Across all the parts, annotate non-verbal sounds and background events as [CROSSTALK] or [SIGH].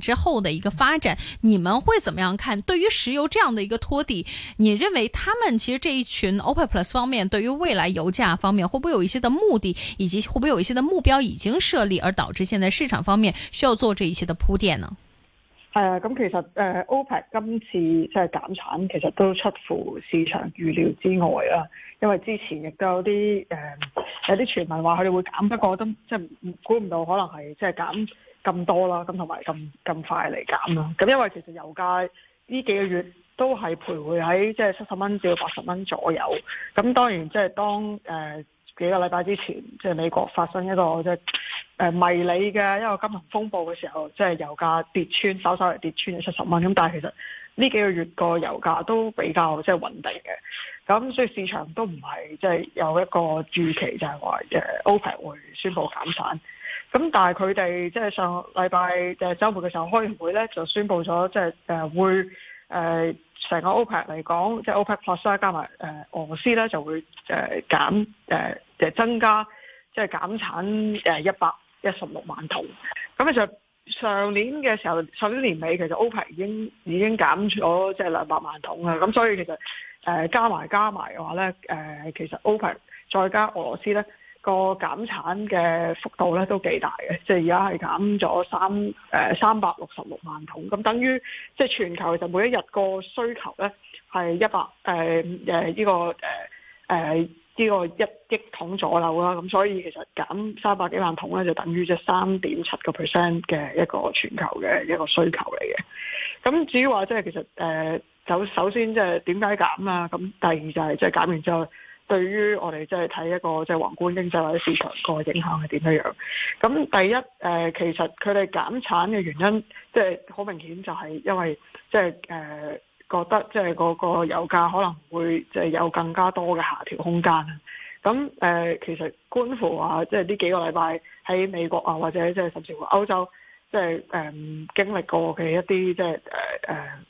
之後的一個發展，你們會怎麼樣看？對於石油這樣的一個托底，你認為他們其實這一群 OPEC+ 方面對於未來油價方面，會不會有一些的目的，以及會不會有一些的目標已經設立，而導致現在市場方面需要做這一些的鋪墊呢？誒、啊，咁、嗯、其實誒、呃、，OPEC 今次即係減產，其實都出乎市場預料之外啊。因為之前亦都有啲誒、呃、有啲傳聞話佢哋會減，都就是、不過我真即係估唔到可能係即係減。咁多啦，咁同埋咁咁快嚟減啦。咁因為其實油價呢幾個月都係徘徊喺即係七十蚊至到八十蚊左右。咁當然即係當誒、呃、幾個禮拜之前，即係美國發生一個即係誒迷你嘅一個金融風暴嘅時候，即係油價跌穿，稍稍係跌穿咗七十蚊。咁但係其實呢幾個月個油價都比較即係穩定嘅。咁所以市場都唔係即係有一個預期，就係話誒 OPEC 會宣布減產。咁但係佢哋即係上個禮拜誒週末嘅時候開會咧，就宣布咗即係誒會誒成、呃、個 OPEC 嚟講，即、就、係、是、OPEC Plus 加埋誒俄羅斯咧就會誒減誒誒、呃、增加即係、就是、減產誒一百一十六萬桶。咁其實就上年嘅時候，上年年尾其實 OPEC 已經已經減咗即係兩百萬桶啊。咁所以其實誒、呃、加埋加埋嘅話咧，誒、呃、其實 OPEC 再加俄羅斯咧。個減產嘅幅度咧都幾大嘅，即係而家係減咗三誒三百六十六萬桶，咁等於即係全球其實每一日個需求咧係一百誒誒呢個誒誒呢個一億桶左右啦，咁所以其實減三百幾萬桶咧就等於就係三點七個 percent 嘅一個全球嘅一個需求嚟嘅。咁至於話即係其實誒，就首先即係點解減呀？咁第二就係即係減完之後。對於我哋即係睇一個即係宏觀經濟或者市場個影響係點樣樣咁？第一誒、呃，其實佢哋減產嘅原因即係好明顯，就係因為即係誒覺得即係嗰個油價可能會即係有更加多嘅下調空間。咁、呃、誒，其實觀乎啊，即係呢幾個禮拜喺美國啊，或者即係甚至乎歐洲、就是，即係誒經歷過嘅一啲即係誒誒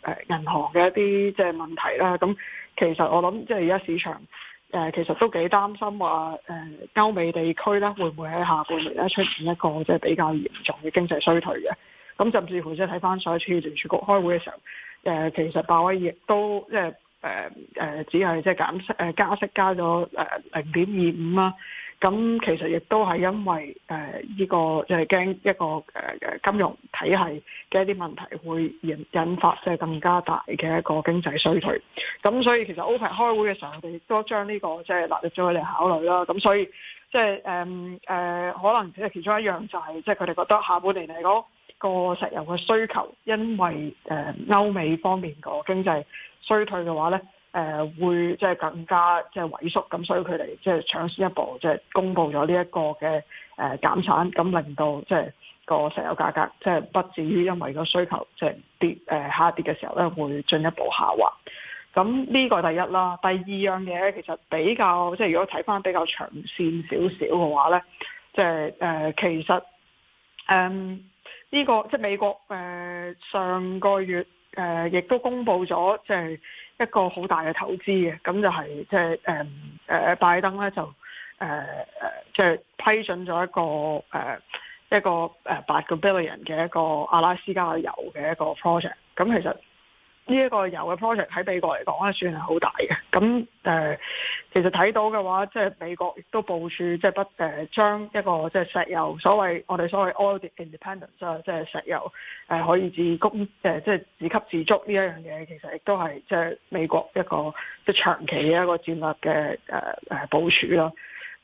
誒銀行嘅一啲即係問題啦、啊。咁其實我諗即係而家市場。誒、呃、其實都幾擔心話誒歐美地區咧會唔會喺下半年咧出現一個即係比較嚴重嘅經濟衰退嘅，咁、嗯、甚至乎即係睇翻上次聯儲局開會嘅時候，誒、呃、其實鮑威亦都即係誒誒只係即係減息誒、呃、加息加咗誒零點二五啦。呃咁其實亦都係因為誒呢個就係驚一個誒誒、呃、金融體系嘅一啲問題會引引發即係更加大嘅一個經濟衰退。咁所以其實 OPEC 開會嘅時候，我哋亦都將呢、這個即係納入咗佢嚟考慮啦。咁所以即係誒誒，可能即係其中一樣就係、是、即係佢哋覺得下半年嚟講個石油嘅需求，因為誒、呃、歐美方面個經濟衰退嘅話咧。誒、呃、會即係更加即係萎縮咁，所以佢哋即係搶先一步即係公布咗呢一個嘅誒減產，咁、呃、令到即、就、係、是這個石油價格即係不至於因為個需求即係跌誒、呃、下跌嘅時候咧，會進一步下滑。咁呢個第一啦，第二樣嘢其實比較即係如果睇返比較長線少少嘅話咧、就是呃呃這個，即係誒其實誒呢個即係美國誒、呃、上個月誒、呃、亦都公布咗即係。一個好大嘅投資嘅，咁就係即係誒誒拜登咧就誒誒即係批准咗一個誒、呃、一個誒八個 billion 嘅一個阿拉斯加嘅油嘅一個 project，咁其實。呢一個油嘅 project 喺美國嚟講咧，算係好大嘅。咁、呃、誒，其實睇到嘅話，即係美國亦都部署，即係不誒，將、呃、一個即係石油所謂我哋所謂 oil independence 啊，即係石油誒、呃、可以自供誒、呃，即係自給自足呢一樣嘢，其實亦都係即係美國一個即係長期一個戰略嘅誒誒部署啦。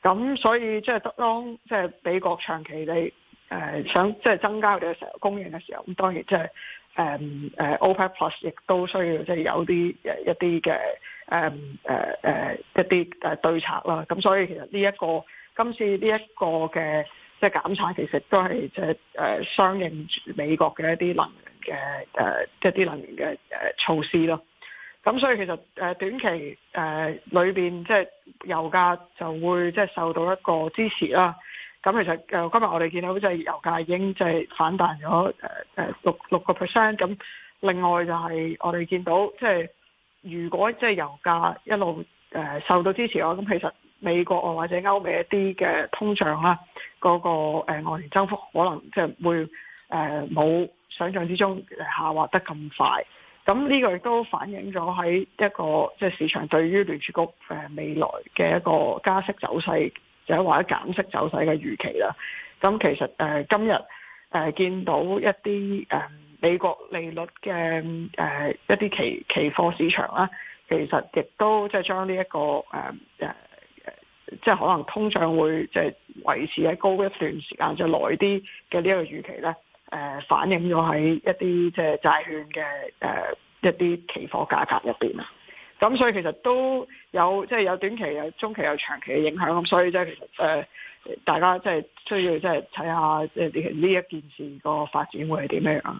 咁所以即係當即係美國長期你誒、呃、想即係增加佢哋嘅石油供應嘅時候，咁當然即係。誒誒、um, uh, OPEC Plus 亦都需要即係有啲誒一啲嘅誒誒誒一啲誒、嗯呃、對策啦，咁所以其實呢一個今次呢一個嘅即係減產，其實都係即係誒、啊、相應美國嘅一啲能源嘅誒、啊、一啲能源嘅誒、啊、措施咯。咁所以其實誒短期誒裏邊即係油價就會即係受到一個支持啦。咁其實誒今日我哋見到即係油價已經即係反彈咗誒誒六六個 percent。咁另外就係我哋見到，即係如果即係油價一路誒受到支持啊，咁其實美國啊或者歐美一啲嘅通脹啦，嗰個誒外延增幅可能即係會誒冇想象之中下滑得咁快。咁呢個亦都反映咗喺一個即係市場對於聯儲局誒未來嘅一個加息走勢，就係或者減息走勢嘅預期啦，咁其實誒、呃、今日誒、呃、見到一啲誒、呃、美國利率嘅誒、呃、一啲期期貨市場啦，其實亦都、這個呃呃、即係將呢一個誒誒即係可能通脹會即係維持喺高一段時間即係耐啲嘅呢個預期咧，誒、呃、反映咗喺一啲即係債券嘅誒、呃、一啲期貨價格入邊啊。咁所以其實都有即係、就是、有短期，有中期，有長期嘅影響，咁所以即係誒大家即、就、係、是、需要即係睇下即係呢一件事個發展會係點樣啊？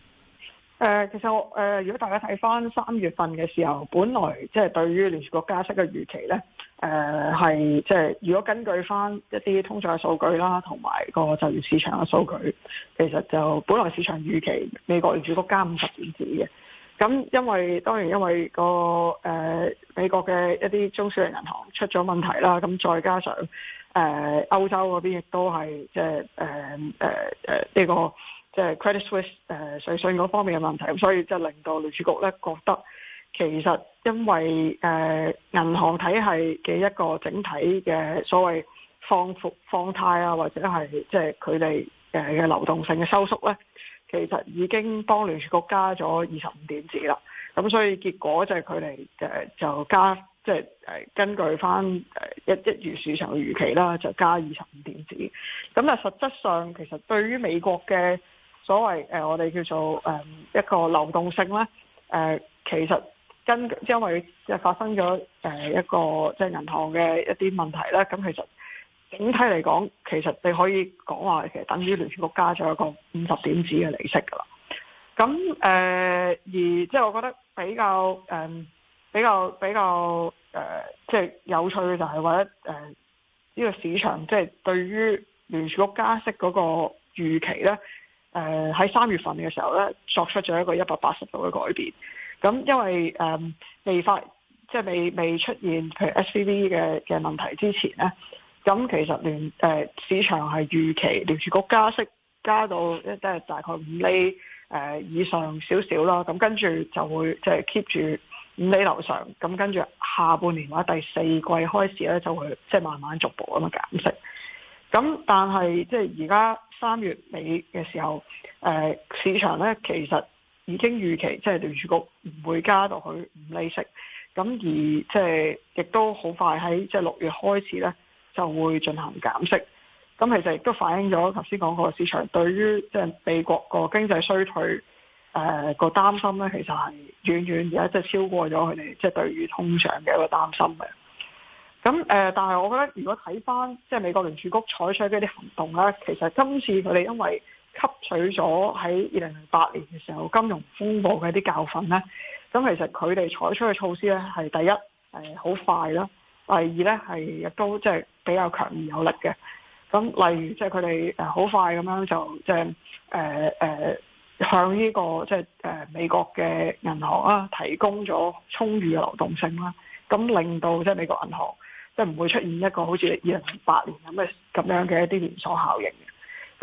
誒、呃，其實我、呃、如果大家睇返三月份嘅時候，本來即係對於聯儲局加息嘅預期咧，誒係即係如果根據返一啲通脹嘅數據啦，同埋個就業市場嘅數據，其實就本來市場預期美國聯儲局加五十點子嘅。咁因為當然因為、嗰個誒、呃、美國嘅一啲中小型銀行出咗問題啦，咁再加上誒、呃、歐洲嗰邊亦都係即係誒誒誒呢個。即係 Credit Suisse 誒，瑞信嗰方面嘅問題，所以即係令到聯儲局咧覺得其實因為誒銀、呃、行體系嘅一個整體嘅所謂放服放貸啊，或者係即係佢哋誒嘅流動性嘅收縮咧，其實已經幫聯儲局加咗二十五點子啦。咁所以結果就係佢哋誒就加即係誒根據翻誒一一如市場嘅預期啦，就加二十五點子。咁但，實質上其實對於美國嘅所謂誒、呃，我哋叫做誒、呃、一個流動性啦，誒、呃，其實跟因為即係發生咗誒、呃、一個即係銀行嘅一啲問題啦。咁、嗯、其實整體嚟講，其實你可以講話其實等於聯儲局加咗一個五十點子嘅利息㗎啦。咁、嗯、誒、呃、而即係我覺得比較誒、呃、比較比較誒即係有趣嘅就係話咧誒呢、呃這個市場即係對於聯儲局加息嗰個預期咧。誒喺三月份嘅時候咧，作出咗一個一百八十度嘅改變。咁因為誒、嗯、未發，即係未未出現譬如 SVB 嘅嘅問題之前咧，咁其實聯誒、呃、市場係預期聯儲局加息加到即係大概五厘誒、呃、以上少少啦。咁跟住就會即係 keep 住五厘樓上。咁跟住下半年或者第四季開始咧，就會即係、就是、慢慢逐步咁樣減息。咁但係即係而家三月尾嘅時候，誒、呃、市場咧其實已經預期即係聯儲局唔會加到佢唔利息，咁而即係亦都好快喺即係六月開始咧就會進行減息。咁其實亦都反映咗頭先講過市場對於即係美國個經濟衰退誒、呃、那個擔心咧，其實係遠遠而家即係超過咗佢哋即係對於通脹嘅一個擔心嘅。咁誒、呃，但係我覺得，如果睇翻即係美國聯儲局採取嘅啲行動咧，其實今次佢哋因為吸取咗喺二零零八年嘅時候金融風暴嘅一啲教訓咧，咁其實佢哋採取嘅措施咧係第一誒好、呃、快啦，第二咧係亦都即係比較強而有力嘅。咁例如即係佢哋誒好快咁樣就、呃呃呢個、即係誒誒向呢個即係誒美國嘅銀行啊提供咗充裕嘅流動性啦，咁令到即係美國銀行。即係唔會出現一個好似二零零八年咁嘅咁樣嘅一啲連鎖效應嘅，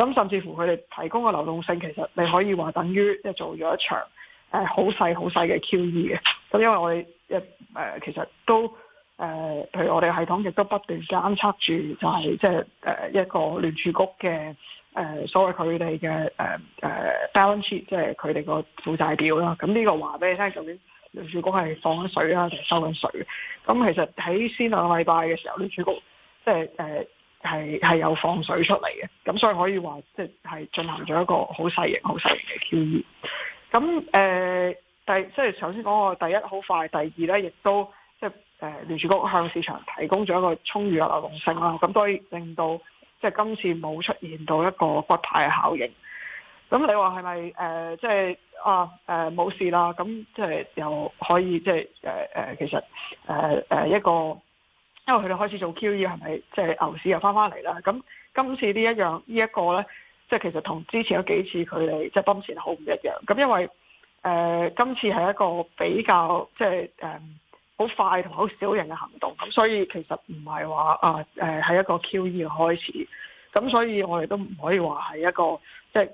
咁甚至乎佢哋提供嘅流動性其實你可以話等於即係做咗一場誒好細好細嘅 QE 嘅。咁、呃 e、因為我哋誒、呃、其實都誒，譬、呃、如我哋系統亦都不斷監測住就係即係誒一個聯儲局嘅誒、呃、所謂佢哋嘅誒誒 balance sheet，即係佢哋個負債表啦。咁呢個話俾你聽究竟聯儲局係放緊水啦，定收緊水？咁其實喺先兩個禮拜嘅時候，聯儲局即係誒係係有放水出嚟嘅，咁所以可以話即係進行咗一個好細型、好細型嘅 QE。咁誒、呃、第即係首先講個第一好快，第二咧亦都即係誒聯儲局向市場提供咗一個充裕嘅流動性啦，咁所以令到即係今次冇出現到一個骨牌嘅效應。咁你話係咪誒即係啊誒冇、呃、事啦？咁即係又可以即係誒誒其實誒誒、呃呃、一個，因為佢哋開始做 QE 係咪即係牛市又翻翻嚟啦？咁今次呢一樣呢一個咧，即係其實同之前有幾次佢哋即係崩市好唔一樣。咁、這個就是就是、因為誒、呃、今次係一個比較即係誒好快同好小型嘅行動，咁所以其實唔係話啊誒係、呃、一個 QE 嘅開始。咁所以，我哋都唔可以話係一個即係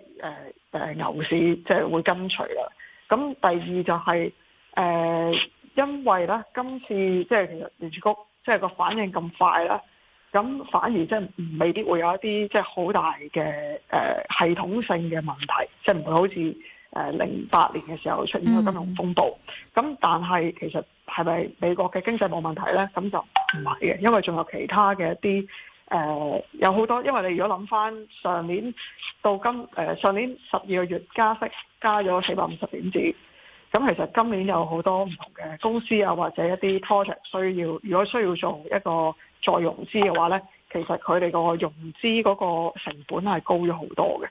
誒誒牛市，即係會跟隨啦。咁第二就係誒，因為咧今次即係其實聯儲局即係個反應咁快啦，咁反而即係未必會有一啲即係好大嘅誒系統性嘅問題，即係唔會好似誒零八年嘅時候出現咗金融風暴。咁，mm hmm. 但係其實係咪美國嘅經濟冇問題咧？咁就唔係嘅，因為仲有其他嘅一啲。誒、呃、有好多，因為你如果諗翻上年到今誒、呃、上年十二個月加息加咗四百五十點子，咁其實今年有好多唔同嘅公司啊，或者一啲 project 需要，如果需要做一個再融資嘅話咧，其實佢哋個融資嗰個成本係高咗好多嘅。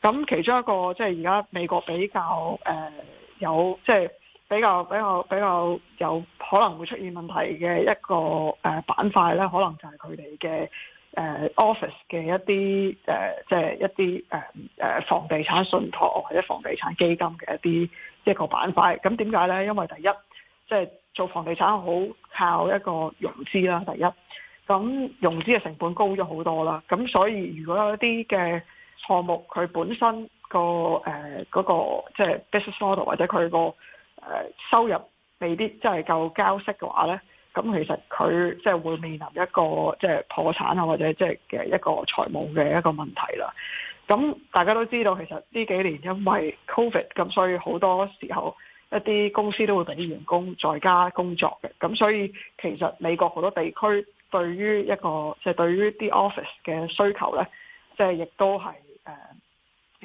咁其中一個即係而家美國比較誒、呃、有即係。就是比較比較比較有可能會出現問題嘅一個誒板塊咧，可能就係佢哋嘅誒 office 嘅一啲誒，即、呃、係、就是、一啲誒誒房地產信託或者房地產基金嘅一啲一係個板塊。咁點解咧？因為第一即係、就是、做房地產好靠一個融資啦。第一咁融資嘅成本高咗好多啦。咁所以如果有一啲嘅項目佢本身、呃那個誒嗰、就、個、是、即係 business model 或者佢個誒收入未必真係夠交息嘅話呢，咁其實佢即係會面臨一個即係破產啊，或者即係嘅一個財務嘅一個問題啦。咁大家都知道，其實呢幾年因為 covid，咁所以好多時候一啲公司都會俾員工在家工作嘅。咁所以其實美國好多地區對於一個即係、即係、對於啲 office 嘅需求呢，即係亦都係誒，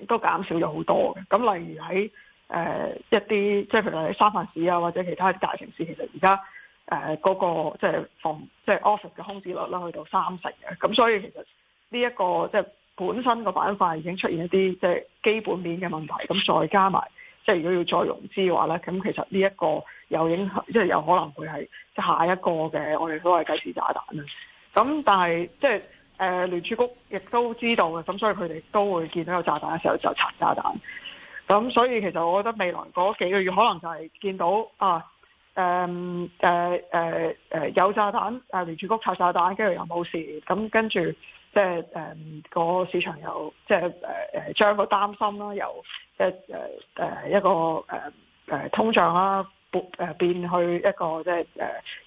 亦都減少咗好多嘅。咁例如喺誒、呃、一啲即係譬如話啲三藩市啊，或者其他啲大城市，其實而家誒嗰個即係房即係 office 嘅空置率啦，去到三成嘅，咁所以其實呢、這、一個即係本身個板塊已經出現一啲即係基本面嘅問題，咁再加埋即係如果要再融資嘅話咧，咁其實呢一個有影響，即係有可能會係即下一個嘅我哋所謂計時炸彈啦。咁但係即係誒、呃、聯儲局亦都知道嘅，咁所以佢哋都會見到有炸彈嘅時候就拆炸彈。咁 [NOISE] 所以其實我覺得未來嗰幾個月可能就係見到啊，誒誒誒誒有炸彈，誒聯儲局拆炸彈，跟住又冇事，咁跟住即係誒個市場又即係誒誒將個擔心啦，又即係誒誒一個誒誒、呃、通脹啦，誒變去一個即係誒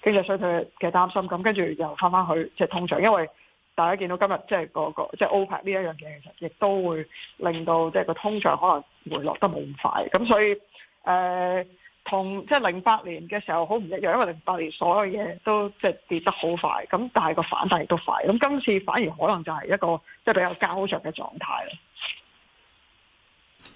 經濟衰退嘅擔心，咁跟住又翻翻去即係通脹，因為，大家見到今日即係個個即係 OPEC 呢一樣嘢，其實亦都會令到即係個通脹可能回落得冇咁快。咁所以誒、呃，同即係零八年嘅時候好唔一樣，因為零八年所有嘢都即係跌得好快，咁但係個反彈亦都快。咁今次反而可能就係一個即係比較膠着嘅狀態啦。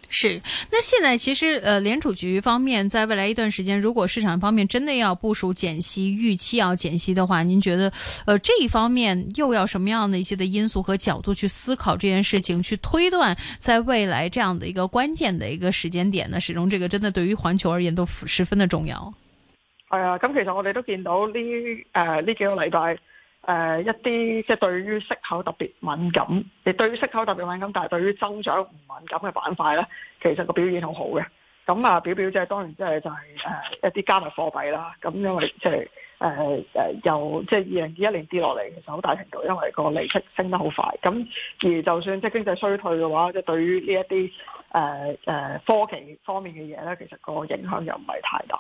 是，那現在其實，呃，聯儲局方面在未來一段時間，如果市場方面真的要部署減息，預期要減息的話，您覺得，呃，這一方面又要什麼樣的一些的因素和角度去思考這件事情，去推斷在未來這樣的一個關鍵的一個時間點呢？始終這個真的對於環球而言都十分的重要。係啊、哎，咁其實我哋都見到呢，誒、呃、呢幾個禮拜。誒、呃、一啲即係對於息口特別敏感，而對於息口特別敏感，但係對於增長唔敏感嘅板塊咧，其實個表現好好嘅。咁、嗯、啊、呃，表表者當然即係就係、是、誒、呃、一啲加密貨幣啦。咁、嗯、因為、就是呃呃、即係誒誒由即係二零二一年跌落嚟，其實好大程度因為個利息升得好快。咁、嗯、而就算即係經濟衰退嘅話，即係對於呢一啲誒誒科技方面嘅嘢咧，其實個影響又唔係太大。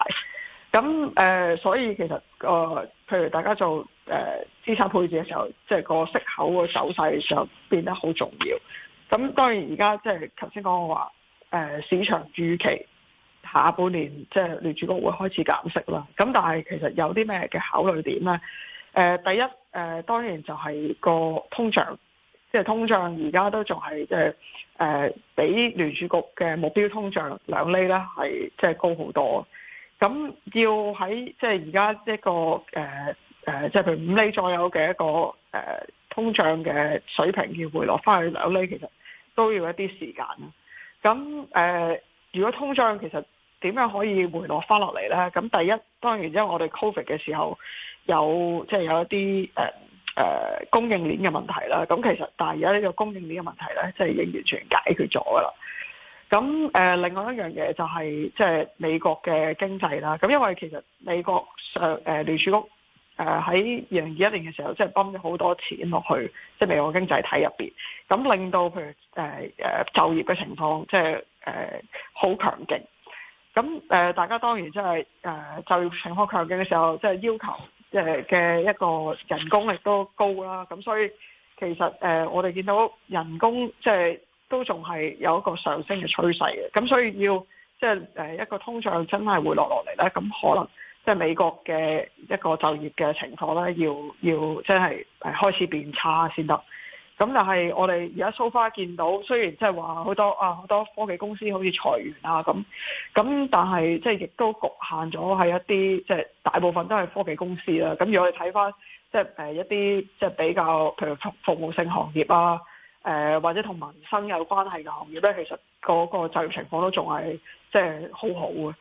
咁誒、呃，所以其實個，譬、呃、如大家做誒、呃、資產配置嘅時候，即、就、係、是、個息口嘅走勢就變得好重要。咁當然而家即係頭先講我話、呃、市場預期下半年即係、就是、聯儲局會開始減息啦。咁但係其實有啲咩嘅考慮點咧？誒、呃、第一誒、呃、當然就係個通脹，即、就、係、是、通脹而家都仲係誒誒比聯儲局嘅目標通脹兩厘咧係即係高好多。咁要喺即係而家一個誒誒，即、呃、係、呃、譬如五厘左右嘅一個誒、呃、通脹嘅水平要回落翻去兩厘，其實都要一啲時間啦。咁誒、呃，如果通脹其實點樣可以回落翻落嚟咧？咁第一，當然因為我哋 Covid 嘅時候有即係、就是、有一啲誒誒供應鏈嘅問題啦。咁其實，但係而家呢個供應鏈嘅問題咧，即係已經完全解決咗啦。咁誒、呃，另外一樣嘢就係、是、即係美國嘅經濟啦。咁因為其實美國上誒、呃、聯儲局誒喺二零二一年嘅時候，即係抌咗好多錢落去即係美國經濟體入邊，咁令到譬如誒誒、呃、就業嘅情況即係誒好強勁。咁誒大家當然即係誒就業情況強勁嘅時候，即係要求誒嘅一個人工亦都高啦。咁所以其實誒、呃、我哋見到人工即係。都仲係有一個上升嘅趨勢嘅，咁所以要即係誒一個通脹真係會落落嚟咧，咁可能即係美國嘅一個就業嘅情況咧，要要即係誒開始變差先得。咁但係我哋而家 so far 見到，雖然即係話好多啊好多科技公司好似裁員啊咁，咁但係即係亦都局限咗係一啲即係大部分都係科技公司啦。咁如果我哋睇翻即係誒一啲即係比較譬如服務性行業啊。誒或者同民生有關係嘅行業咧，其實嗰個就業情況都仲係即係好好嘅。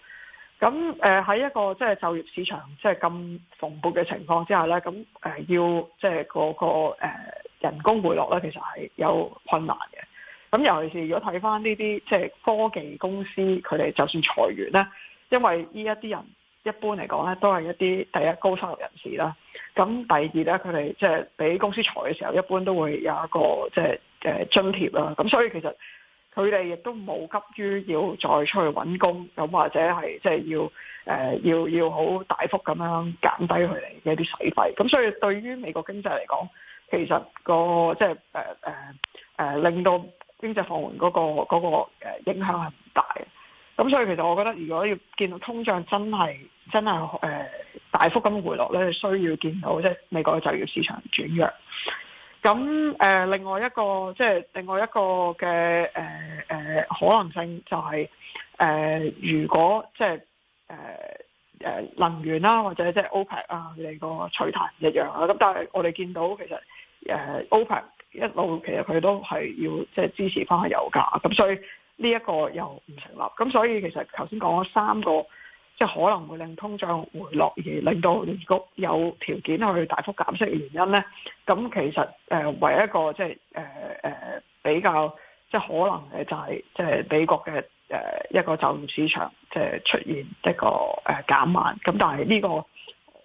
咁誒喺一個即係、就是、就業市場即係咁蓬勃嘅情況之下咧，咁誒、呃、要即係嗰個、個、呃、人工回落咧，其實係有困難嘅。咁尤其是如果睇翻呢啲即係科技公司，佢哋就算裁員咧，因為呢一啲人一般嚟講咧都係一啲第一高收入人士啦。咁第二咧，佢哋即係俾公司裁嘅時候，一般都會有一個即係。就是誒津貼啦，咁所以其實佢哋亦都冇急於要再出去揾工，咁或者係即係要誒、呃、要要好大幅咁樣減低佢哋嘅一啲使費。咁所以對於美國經濟嚟講，其實、個即係誒誒誒令到經濟放緩嗰、個嗰、個、影響係唔大嘅。咁所以其實我覺得，如果要見到通脹真係真係誒大幅咁回落咧，需要見到即係、即係、美國嘅就業市場轉弱。咁誒、呃，另外一個即係另外一個嘅誒誒可能性就係、是、誒，如果即係誒誒能源啦，或者即係 OPEC 啊，你個取態唔一樣啦。咁但係我哋見到其實誒、呃、OPEC 一路其實佢都係要即係支持翻係油價，咁所以呢一個又唔成立。咁所以其實頭先講咗三個。即係可能會令通脹回落而令到聯局有條件去大幅減息嘅原因咧，咁其實誒唯一一個即係誒誒比較即係可能嘅就係即係美國嘅誒一個就業市場即係出現一個誒減慢，咁但係呢個誒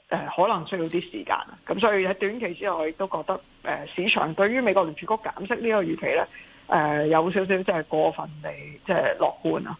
可能需要啲時間啊，咁所以喺短期之內都覺得誒市場對於美國聯儲局減息呢個預期咧誒、呃、有少少即係過分地即係樂觀啊！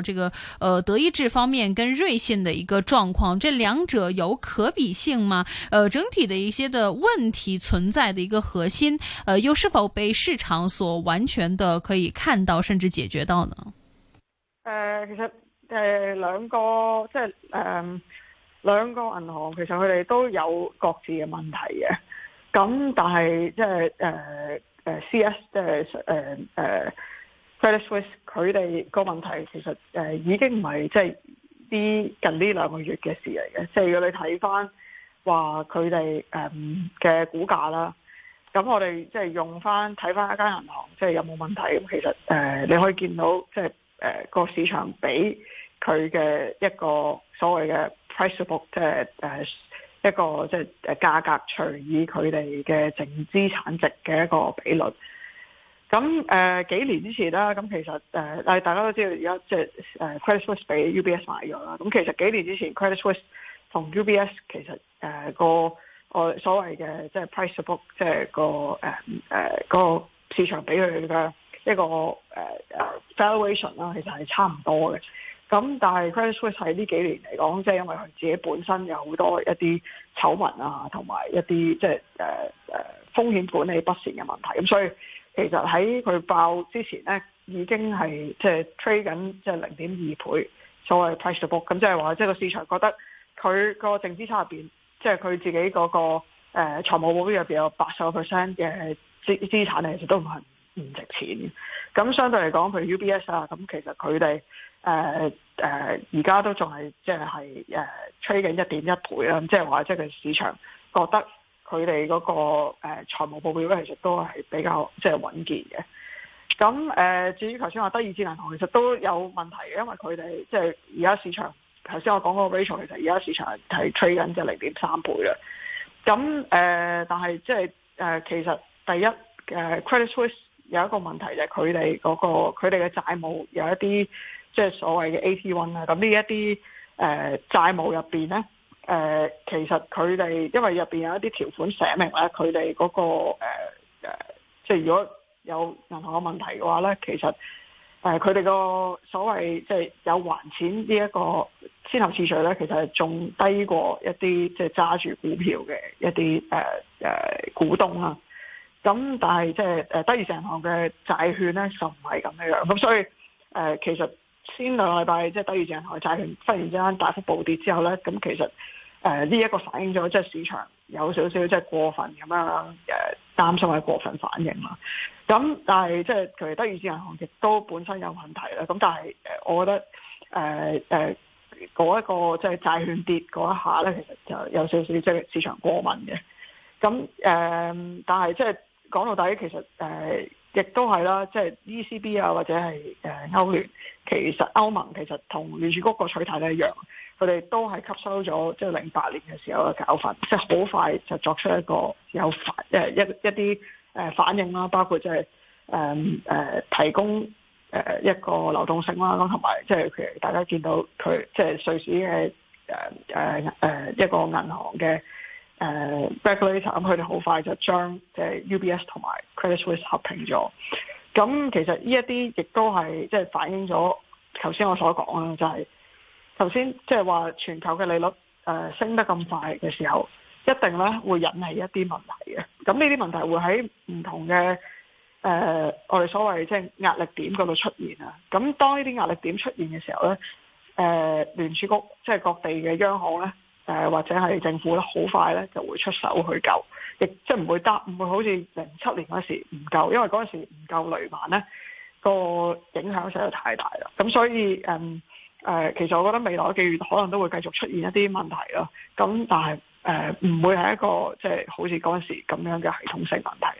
這個，呃，德意志方面跟瑞信的一個狀況，這兩者有可比性嗎？呃，整體的一些的問題存在的一個核心，呃，又是否被市場所完全的可以看到，甚至解決到呢？誒、呃，其實誒、呃，兩個即係誒、呃，兩個銀行其實佢哋都有各自嘅問題嘅，咁但係即係誒、呃、誒、呃、，CS 即係誒誒。呃呃瑞士佢哋個問題其實誒已經唔係即係啲近呢兩個月嘅事嚟嘅，即係如果你睇翻話佢哋誒嘅股價啦，咁我哋即係用翻睇翻一間銀行，即係有冇問題咁，其實誒你可以見到即係誒個市場俾佢嘅一個所謂嘅 price book 即係誒一個即係誒價格除以佢哋嘅淨資產值嘅一個比率。咁誒幾年之前啦，咁其實誒誒大家都知道而家即係誒 Credit Suisse 俾 UBS 買咗啦。咁其實幾年之前 Credit Suisse 同 UBS 其實誒個誒所謂嘅即係 price book，即係、個誒誒、呃個市場俾佢嘅一個誒誒 valuation 啦，呃、其實係差唔多嘅。咁但係 Credit Suisse 喺呢幾年嚟講，即係因為佢自己本身有好多一啲醜聞啊，同埋一啲即係誒誒風險管理不善嘅問題，咁所以。其實喺佢爆之前咧，已經係即係吹緊即係零點二倍所謂 price to book，咁即係話即係個市場覺得佢、就是那個淨、呃、資產入邊，即係佢自己嗰個誒財務報表入邊有八十個 percent 嘅資資產，其實、呃呃、都唔係唔值錢嘅。咁相對嚟講，譬如 UBS 啊，咁其實佢哋誒誒而家都仲係即係係誒吹緊一點一倍啊，即係話即係佢市場覺得。佢哋嗰個誒、呃、財務報表咧，其實都係比較即係穩健嘅。咁誒、呃，至於頭先話德意志銀行，其實都有問題嘅，因為佢哋即係而家市場頭先我講嗰個 ratio，其實而家市場係 trade 緊即係零點三倍啦。咁誒、呃，但係即係誒，其實第一誒、呃、Credit Suisse 有一個問題就係佢哋嗰個佢哋嘅債務有一啲即係所謂嘅 AT1 啦。咁呢一啲誒債務入邊咧，誒、呃，其實佢哋因為入邊有一啲條款寫明咧，佢哋嗰個誒、呃、即係如果有銀行嘅問題嘅話咧，其實誒佢哋個所謂即係有還錢呢一個先後次序咧，其實係仲低過一啲即係揸住股票嘅一啲誒誒股東啦、啊。咁但係即係誒低於成行嘅債券咧，就唔係咁樣樣。咁所以誒、呃，其實。先兩個禮拜即係德意志銀行嘅債券忽然之間大幅暴跌之後咧，咁其實誒呢一個反映咗即係市場有少少即係過分咁樣誒擔心係過分反應啦。咁但係即係其實德意志銀行亦都本身有問題啦。咁但係誒，我覺得誒誒嗰一個即係債券跌嗰一下咧，其實就有少少即係市場過敏嘅。咁誒、呃，但係即係講到底其實誒。呃亦都係啦，即、就、係、是、ECB 啊，或者係誒歐聯，其實歐盟其實同聯儲局個取態都一樣，佢哋都係吸收咗即係零八年嘅時候嘅教訓，即係好快就作出一個有反誒一一啲誒反應啦，包括即係誒誒提供誒、呃、一個流動性啦，同埋即係譬如大家見到佢即係瑞士嘅誒誒誒一個銀行嘅。誒咁佢哋好快就將即係 UBS 同埋 Credit Suisse 合併咗。咁其實呢一啲亦都係即係反映咗頭先我所講啊、就是，就係頭先即係話全球嘅利率誒、呃、升得咁快嘅時候，一定咧會引起一啲問題嘅。咁呢啲問題會喺唔同嘅誒、呃、我哋所謂即係壓力點嗰度出現啊。咁當呢啲壓力點出現嘅時候咧，誒、呃、聯儲局即係、就是、各地嘅央行咧。誒或者係政府咧，好快咧就會出手去救，亦即係唔會得，唔會好似零七年嗰時唔救，因為嗰陣時唔夠雷曼咧、呢個影響實在太大啦。咁所以誒誒、嗯呃，其實我覺得未來幾月可能都會繼續出現一啲問題咯。咁但係誒唔會係一個即係、就是、好似嗰陣時咁樣嘅系統性問題。